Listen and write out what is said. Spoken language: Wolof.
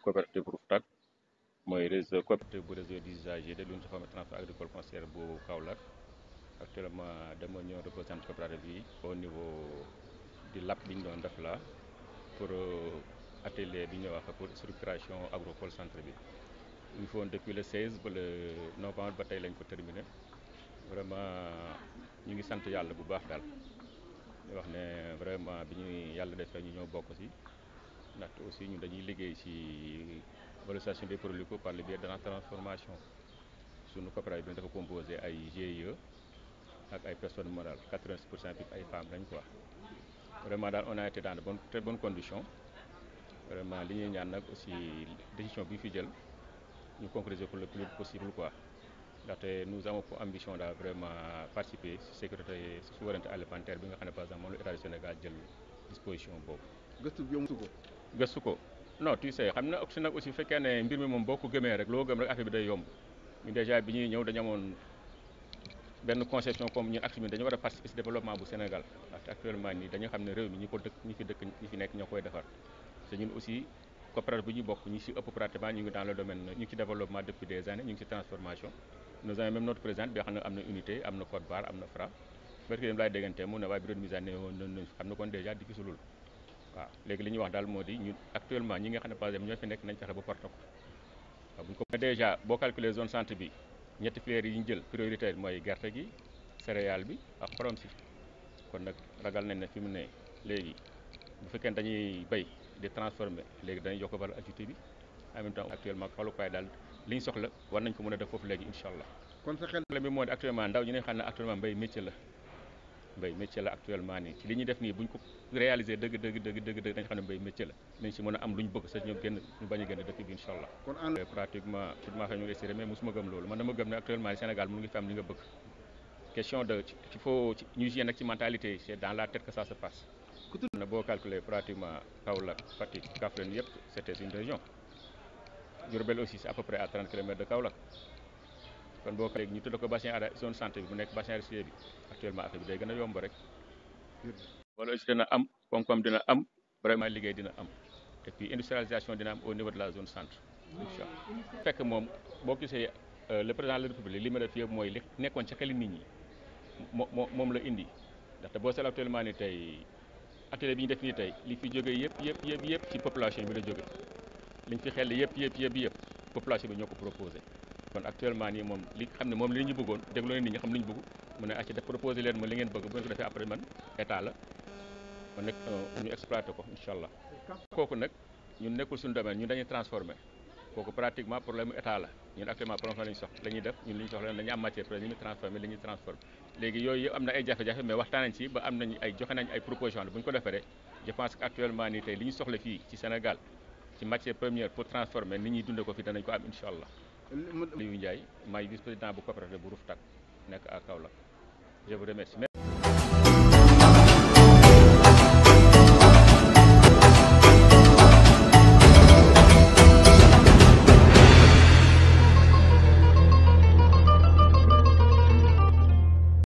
coopérative Rouftak mooy réseau coopérative bu réseau de l'union de formation agricole foncière bu Kaolack actuellement dama ñëw représente coopérative yi au niveau di lap bi ñu doon def la pour atelier bi ñuy wax pour structuration agropole centre bi ñu ngi depuis le 16 ba le novembre ba tey lañ ko terminé vraiment ñu ngi sant yàlla bu baax daal di wax ne vraiment bi ñuy yàlla defee ñu ñoo bokk si ndaxte aussi ñu dañuy liggéey ci valorisation des produits locaux par le biais de la transformation suñu coopérative bi dafa composé ay GIE ak ay personnes morales 80 pour cent ay femmes lañ quoi vraiment daal on a été dans de bonnes très bonnes conditions vraiment li ñuy ñaan nag aussi :fra décision :fra ñu fi jël ñu concrétiser :fra ko le :fra plus :fra possible :fra quoi :fra ndaxte nous :fra avons :fra pour ambition daal vraiment participer si sécurité :fra souveraineté :fra bi nga xam ne par :fra exemple :fra moom la état :fra du :fra ko non :fra tu :fra sais :fra xam nga aussi :fra nag bu fekkee ne mbir mi moom boo ko gëmee rek loo gëm rek affaire :fra bi day yomb ñun dèjà bi ñuy ñëw dañu amoon benn conception comme :fra ñun ak dañu war a participer :fra si développement :fra bu Sénégal ndaxte ne réew mi ko dë() ñi fi dëkk ñi fi nekk ñoo koy defar te ñun aussi coopérative bu ñu bokk ñu si ëpp pratiquement ñu ngi dans le domaine ñu ci développement depuis des années ñu ngi ci transformation nous avons même notre présidente bi nga xam ne am na unité am na code barre am na Fra barki dem laay déggante mu ne waaye bureau de mise en œuvre noonu xam ne kon dèjà di gisulul waaw léegi li ñu wax daal moo di ñun actuellement ñi nga xam ne par exemple ñoo fi nekk nañ fexe ba porte ko waaw bu ñu ko dèjà boo calculer zone centre bi ñetti filières yi ñu jël prioritaire mooy gerte gi céréale bi ak xorom si kon nag ragal nañ ne fi mu ne léegi bu fekkee ne dañuy béy di transformer léegi dañuy yokk valeur ajoutée bi en même temps actuellement falukaay daal li soxla war nañ ko mën a def foofu léegi incha allah. kon sa xel problème bi ñu ne xam ne actuellement mbéy métier la mbéy métier la actuellement li ñuy def nii buñ ko réaliser dëgg dëgg dëgg dëgg dëgg dañ xam ne mbéy métier la nañ si am lu ñu bëgg sax ñu génn ñu bañ a génn dëkk bi incha allah. kon en pratiquement tout ma fait ñu estiré mais mosuma gëm loolu man dama gëm ne actuellement Sénégal mu ngi fi am li nga bëgg question de ci faut ñu yéen nag ci mentalité c'est dans la tête que ku tudd na boo calculer pratiquement Kaolack Fatick Kaffrine yëpp c'était une région Diourbel aussi c'est à près à 30 kilomètres de Kaolack kon boo léegi ñu tudd ko bassin ara zone bu nekk bassin arachidier bi actuellement affaire bi day gën a yomb rek wala am koom dina am vraiment liggéey dina am et puis industrialisation dina am au niveau de la zone centre fekk moom boo gisee euh, le président de la li ma mooy li nekkoon ca kali nit ñi moom la indi actuellement ni tey atelier bi ñu def nii tey li fi jógee yëpp yëpp yëpp yëpp ci population bi la jóge liñ fi xel yëpp yëpp yëpp yëpp population bi ñoo ko proposé kon actuellement nii moom li xam ne moom li ñu bëggoon déglu leen nit ñi xam li ñu bëgg mu ne acca def proposé leen ma li ngeen bëgg bu ngeen ko defee après man état la nekk euh, ñu exploité ko incha allah kooku nag ñu nekkul suñu domaine ñun dañuy transformé kooku pratiquement problème état la ñun actuellement problème la ñu soxla la ñuy def ñun li ñu soxla dañu am matière première ñu transformé li ñuy transformé léegi yooyu yëpp am na ay jafe-jafe mais waxtaan nañ ci ba am nañ ay joxe nañ ay proposition la bu ñu ko defaree je pense que actuellement nii tey li ñu soxla fii ci Sénégal ci matière première pour transformer nit ñuy dundee ko fi danañ ko am incha allah. Ndiaye maay vice président bu coopérative bu Ruftak nekk à Kaolack je vous remercie.